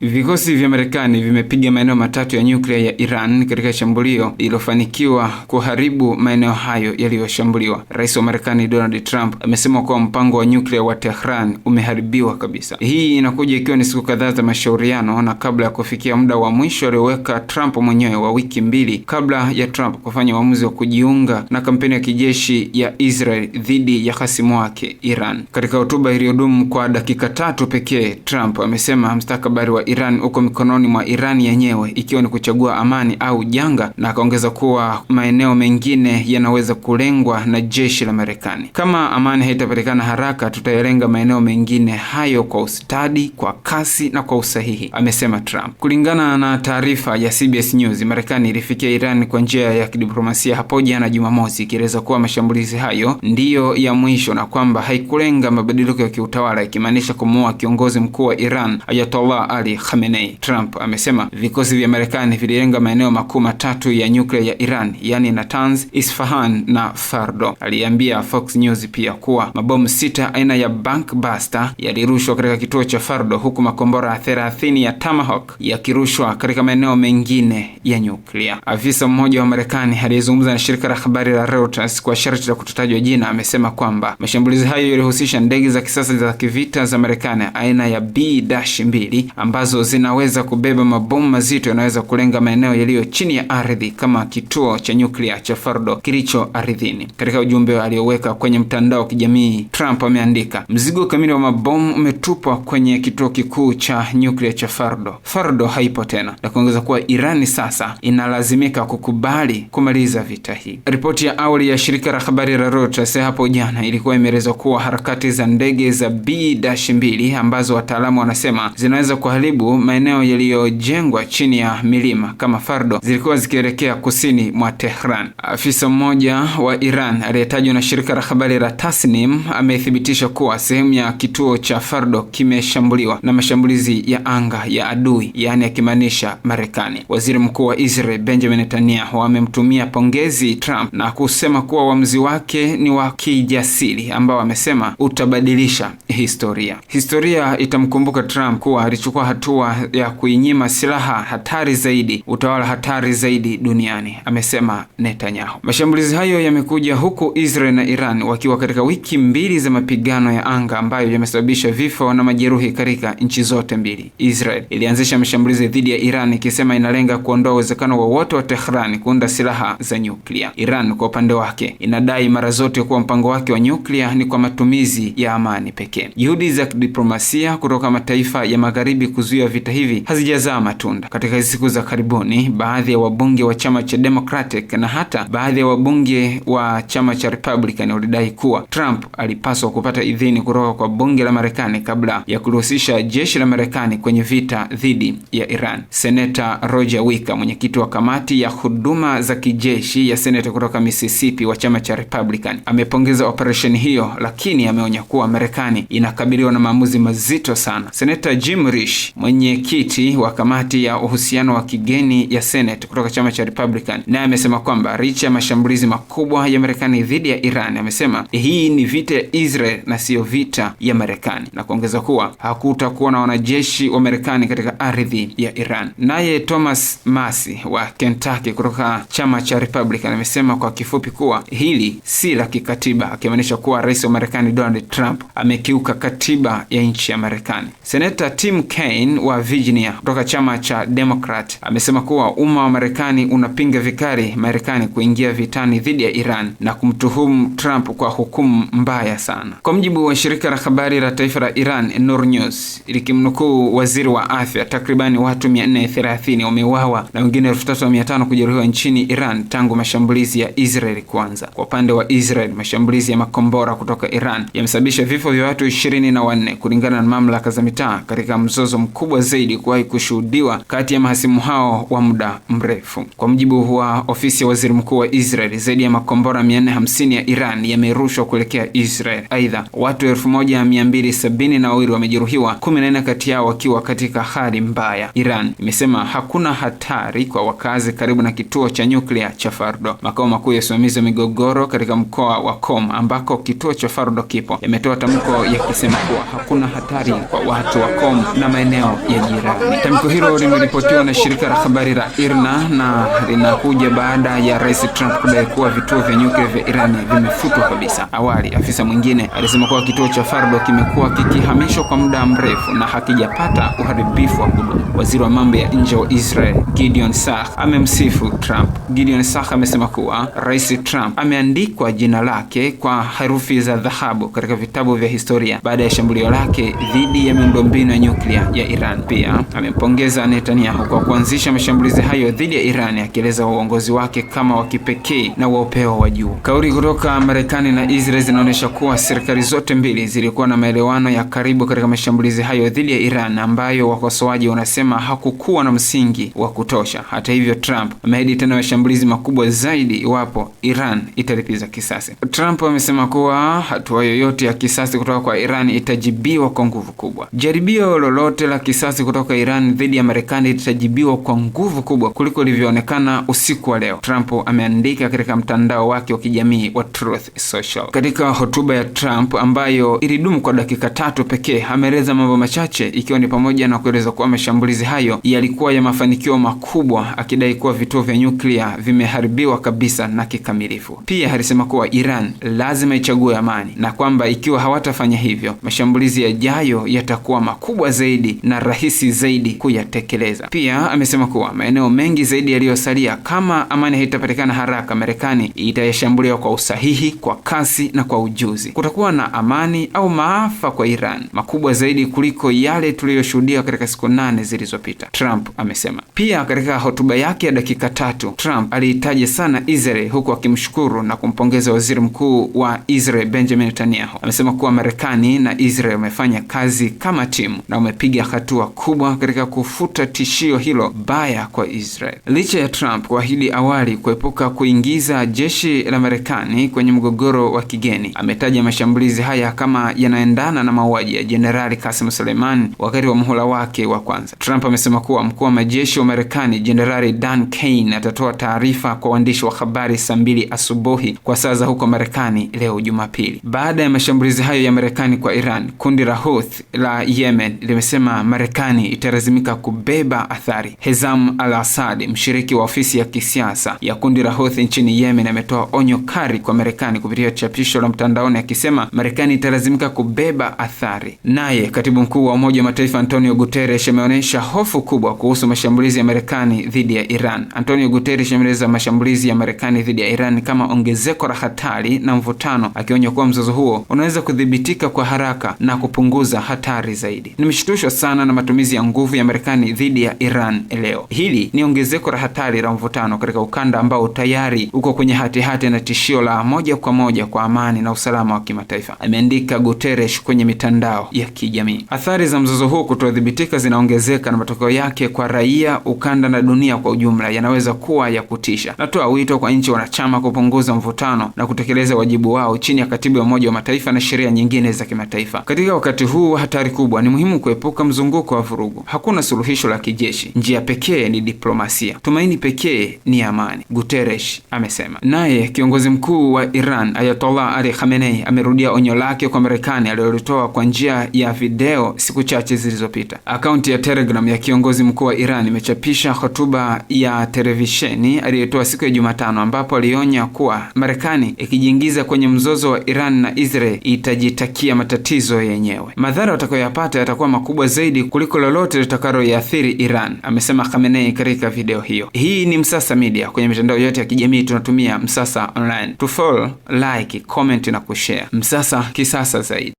Vikosi vya Marekani vimepiga maeneo matatu ya nyuklia ya Iran katika shambulio lililofanikiwa kuharibu maeneo hayo yaliyoshambuliwa. Rais wa Marekani Donald Trump amesema kuwa mpango wa nyuklia wa Tehran umeharibiwa kabisa. Hii inakuja ikiwa ni siku kadhaa za mashauriano na kabla ya kufikia muda wa mwisho alioweka Trump mwenyewe wa wiki mbili kabla ya Trump kufanya uamuzi wa kujiunga na kampeni ya kijeshi ya Israel dhidi ya hasimu wake Iran. Katika hotuba iliyodumu kwa dakika tatu pekee, Trump amesema mstakabali wa Iran uko mikononi mwa Iran yenyewe, ikiwa ni kuchagua amani au janga, na akaongeza kuwa maeneo mengine yanaweza kulengwa na jeshi la Marekani. Kama amani haitapatikana haraka, tutayalenga maeneo mengine hayo kwa ustadi, kwa kasi na kwa usahihi, amesema Trump. Kulingana na taarifa ya CBS News, Marekani ilifikia Iran kwa njia ya kidiplomasia hapo jana Jumamosi, ikieleza kuwa mashambulizi hayo ndiyo ya mwisho na kwamba haikulenga mabadiliko ya kiutawala, ikimaanisha kumuua kiongozi mkuu wa Iran Ayatollah Ali Khamenei. Trump amesema vikosi vya Marekani vililenga maeneo makuu matatu ya nyuklia ya Iran, yani Natanz, Isfahan na Fardo. Aliambia Fox News pia kuwa mabomu sita aina ya buster yalirushwa katika kituo cha Fardo, huku makombora 30 ya Tomahawk yakirushwa katika maeneo mengine ya nyuklia. Afisa mmoja wa Marekani aliyezungumza na shirika la habari la Reuters kwa sharti la kutotajwa jina amesema kwamba mashambulizi hayo yalihusisha ndege za kisasa za kivita za Marekani aina ya B-2 ambazo ambazo zinaweza kubeba mabomu mazito yanaweza kulenga maeneo yaliyo chini ya ardhi kama kituo cha nyuklia cha Fordo kilicho ardhini. Katika ujumbe aliyoweka kwenye mtandao wa kijamii, Trump ameandika, mzigo kamili wa mabomu umetupwa kwenye kituo kikuu cha nyuklia cha Fordo. Fordo haipo tena, na kuongeza kuwa Irani sasa inalazimika kukubali kumaliza vita hii. Ripoti ya awali ya shirika la habari la Reuters hapo jana ilikuwa imeeleza kuwa harakati za ndege za B-2 ambazo wataalamu wanasema zinaweza kuharibu karibu maeneo yaliyojengwa chini ya milima kama Fardo zilikuwa zikielekea kusini mwa Tehran. Afisa mmoja wa Iran aliyetajwa na shirika la habari la Tasnim amethibitisha kuwa sehemu ya kituo cha Fardo kimeshambuliwa na mashambulizi ya anga ya adui, yaani akimaanisha Marekani. Waziri Mkuu wa Israel Benjamin Netanyahu amemtumia pongezi Trump na kusema kuwa uamuzi wake ni wa kijasiri ambao amesema utabadilisha historia. Historia itamkumbuka Trump kuwa alichukua hatua hatua ya kuinyima silaha hatari zaidi utawala hatari zaidi duniani, amesema Netanyahu. Mashambulizi hayo yamekuja huku Israel na Iran wakiwa katika wiki mbili za mapigano ya anga ambayo yamesababisha vifo na majeruhi katika nchi zote mbili. Israel ilianzisha mashambulizi dhidi ya Iran ikisema inalenga kuondoa uwezekano wowote wa, wa Tehran kuunda silaha za nyuklia. Iran kwa upande wake inadai mara zote kuwa mpango wake wa nyuklia ni kwa matumizi ya amani pekee. Juhudi za kidiplomasia kutoka mataifa ya magharibi kuzuia kuzuia ya vita hivi hazijazaa matunda. Katika siku za karibuni, baadhi ya wabunge wa chama cha Democratic na hata baadhi ya wabunge wa chama cha Republican walidai kuwa Trump alipaswa kupata idhini kutoka kwa bunge la Marekani kabla ya kuruhusisha jeshi la Marekani kwenye vita dhidi ya Iran. Seneta Roger Wicker, mwenyekiti wa kamati ya huduma za kijeshi ya seneta kutoka Mississippi wa chama cha Republican, amepongeza operesheni hiyo, lakini ameonya kuwa Marekani inakabiliwa na maamuzi mazito sana. Seneta Jim Risch mwenyekiti wa kamati ya uhusiano wa kigeni ya Senate kutoka chama cha Republican, naye amesema kwamba licha ya mashambulizi makubwa ya Marekani dhidi ya Iran, amesema hii ni vita ya Israel na siyo vita ya Marekani, na kuongeza kuwa hakutakuwa na wanajeshi wa Marekani katika ardhi ya Iran. Naye Thomas Masi wa Kentucky kutoka chama cha Republican amesema kwa kifupi kuwa hili si la kikatiba, akimaanisha kuwa rais wa Marekani Donald Trump amekiuka katiba ya nchi ya Marekani. Senata Tim Kaine Maine wa Virginia kutoka chama cha Democrat amesema kuwa umma wa Marekani unapinga vikali Marekani kuingia vitani dhidi ya Iran na kumtuhumu Trump kwa hukumu mbaya sana. Kwa mujibu wa shirika la habari la taifa la Iran Noor News likimnukuu waziri wa afya, takribani watu 430 wameuawa na wengine 3500 kujeruhiwa nchini Iran tangu mashambulizi ya Israel kuanza. Kwa upande wa Israel, mashambulizi ya makombora kutoka Iran yamesababisha vifo vya watu 24 kulingana na mamlaka za mitaa katika mzozo mkuu mkubwa zaidi kuwahi kushuhudiwa kati ya mahasimu hao wa muda mrefu. Kwa mujibu wa ofisi ya waziri mkuu wa Israel, zaidi ya makombora 450 ya Iran yamerushwa kuelekea Israel. Aidha, watu 1272 wamejeruhiwa, 14 kati yao wakiwa katika hali mbaya. Iran imesema hakuna hatari kwa wakazi karibu na kituo cha nyuklia cha Fardo, makao makuu ya usimamizi wa migogoro katika mkoa wa Qom ambako kituo cha Fardo kipo, yametoa tamko yakisema kuwa hakuna hatari kwa watu wa Qom na maeneo maeneo ya jirani. Tamko hilo limeripotiwa na shirika la habari la IRNA na linakuja baada ya Rais Trump kudai kuwa vituo vya nyuklia vya Irani vimefutwa kabisa. Awali, afisa mwingine alisema kuwa kituo cha Fardo kimekuwa kikihamishwa kwa muda mrefu na hakijapata uharibifu wa kudumu. Waziri wa mambo ya nje wa Israel Gideon Sach amemsifu Trump. Gideon Sach amesema kuwa Rais Trump ameandikwa jina lake kwa herufi za dhahabu katika vitabu vya historia baada ya shambulio lake dhidi ya miundombinu ya nyuklia ya Iran. Iran pia amempongeza Netanyahu kwa kuanzisha mashambulizi hayo dhidi ya Iran, akieleza uongozi wake kama wa kipekee na wa upeo wa juu. Kauli kutoka Marekani na Israel zinaonyesha kuwa serikali zote mbili zilikuwa na maelewano ya karibu katika mashambulizi hayo dhidi ya Iran ambayo wakosoaji wanasema hakukuwa na msingi wa kutosha. Hata hivyo, Trump ameahidi tena mashambulizi makubwa zaidi iwapo Iran italipiza kisasi. Trump amesema kuwa hatua yoyote ya kisasi kutoka kwa Iran itajibiwa kwa nguvu kubwa. Jaribio lolote la kisasi kutoka Iran dhidi ya Marekani litajibiwa kwa nguvu kubwa kuliko ilivyoonekana usiku wa leo, Trump ameandika katika mtandao wake wa kijamii wa Truth Social. Katika hotuba ya Trump ambayo ilidumu kwa dakika tatu pekee, ameeleza mambo machache ikiwa ni pamoja na kueleza kuwa mashambulizi hayo yalikuwa ya mafanikio makubwa, akidai kuwa vituo vya nyuklia vimeharibiwa kabisa na kikamilifu. Pia alisema kuwa Iran lazima ichague amani na kwamba ikiwa hawatafanya hivyo, mashambulizi yajayo yatakuwa makubwa zaidi na na rahisi zaidi kuyatekeleza. Pia amesema kuwa maeneo mengi zaidi yaliyosalia, kama amani haitapatikana haraka, Marekani itayashambulia kwa usahihi, kwa kasi na kwa ujuzi. Kutakuwa na amani au maafa kwa Iran makubwa zaidi kuliko yale tuliyoshuhudia katika siku nane zilizopita, Trump amesema. Pia katika hotuba yake ya dakika tatu, Trump aliitaja sana Israel huku akimshukuru na kumpongeza waziri mkuu wa Israel Benjamin Netanyahu. Amesema kuwa Marekani na Israel wamefanya kazi kama timu na wamepiga hatua hatua kubwa katika kufuta tishio hilo baya kwa Israel. Licha ya Trump kuahidi awali kuepuka kuingiza jeshi la Marekani kwenye mgogoro wa kigeni, ametaja mashambulizi haya kama yanaendana na mauaji ya Jenerali Kasim Suleimani wakati wa muhula wake wa kwanza. Trump amesema kuwa mkuu wa majeshi wa Marekani Jenerali Dan Kane atatoa taarifa kwa waandishi wa habari saa mbili asubuhi kwa saa za huko Marekani leo Jumapili, baada ya mashambulizi hayo ya Marekani kwa Iran. Kundi la Houthi la Yemen limesema Marekani italazimika kubeba athari. Hezam al-Assad, mshiriki wa ofisi ya kisiasa ya kundi la Houthi nchini Yemen, ametoa onyo kali kwa Marekani kupitia chapisho la mtandaoni akisema Marekani italazimika kubeba athari. Naye katibu mkuu wa Umoja wa Mataifa Antonio Guterres ameonyesha hofu kubwa kuhusu mashambulizi ya Marekani dhidi ya Iran. Antonio Guterres ameeleza mashambulizi ya Marekani dhidi ya Iran kama ongezeko la hatari na mvutano, akionya kuwa mzozo huo unaweza kudhibitika kwa haraka na kupunguza hatari zaidi. Nimeshtushwa sana na matumizi ya nguvu ya Marekani dhidi ya Iran leo. Hili ni ongezeko la hatari la mvutano katika ukanda ambao tayari uko kwenye hatihati na tishio la moja kwa moja kwa amani na usalama wa kimataifa, ameandika Guterres kwenye mitandao ya kijamii. Athari za mzozo huu kutodhibitika zinaongezeka na matokeo yake kwa raia, ukanda na dunia kwa ujumla yanaweza kuwa ya kutisha. Natoa wito kwa nchi wanachama kupunguza mvutano na kutekeleza wajibu wao chini ya katiba ya Umoja wa Mataifa na sheria nyingine za kimataifa. Katika wakati huu hatari kubwa, ni muhimu kuepuka mzungu mzunguko wa vurugu. Hakuna suluhisho la kijeshi, njia pekee ni diplomasia, tumaini pekee ni amani, Guterres amesema. Naye kiongozi mkuu wa Iran Ayatollah Ali Khamenei amerudia onyo lake kwa Marekani alilolitoa kwa njia ya video siku chache zilizopita. Akaunti ya Telegram ya kiongozi mkuu wa Iran imechapisha hotuba ya televisheni aliyotoa siku ya Jumatano, ambapo alionya kuwa Marekani ikijiingiza kwenye mzozo wa Iran na Israel itajitakia matatizo yenyewe. Madhara watakayoyapata yatakuwa makubwa zaidi zaidi kuliko lolote litakaloiathiri Iran, amesema Khamenei katika video hiyo. Hii ni Msasa Media. Kwenye mitandao yote ya kijamii tunatumia Msasa Online. Tufollow, like, comment na kushare. Msasa kisasa zaidi.